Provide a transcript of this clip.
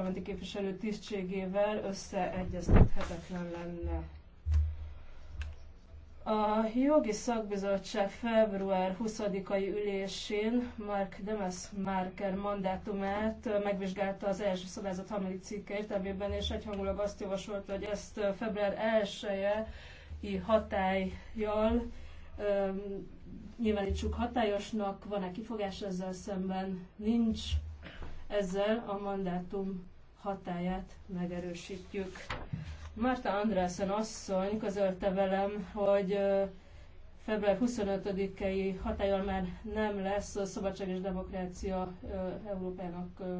parlamenti képviselő tisztségével összeegyeztethetetlen lenne. A jogi szakbizottság február 20-ai ülésén Mark Demes Marker mandátumát megvizsgálta az első szabályzat harmadik cikke értelmében, és egyhangulag azt javasolta, hogy ezt február 1-i hatályjal nyilvánítsuk hatályosnak, van-e kifogás ezzel szemben, nincs, ezzel a mandátum hatáját megerősítjük. Márta Andrásen asszony közölte velem, hogy február 25-i hatája már nem lesz a Szabadság és Demokrácia Európának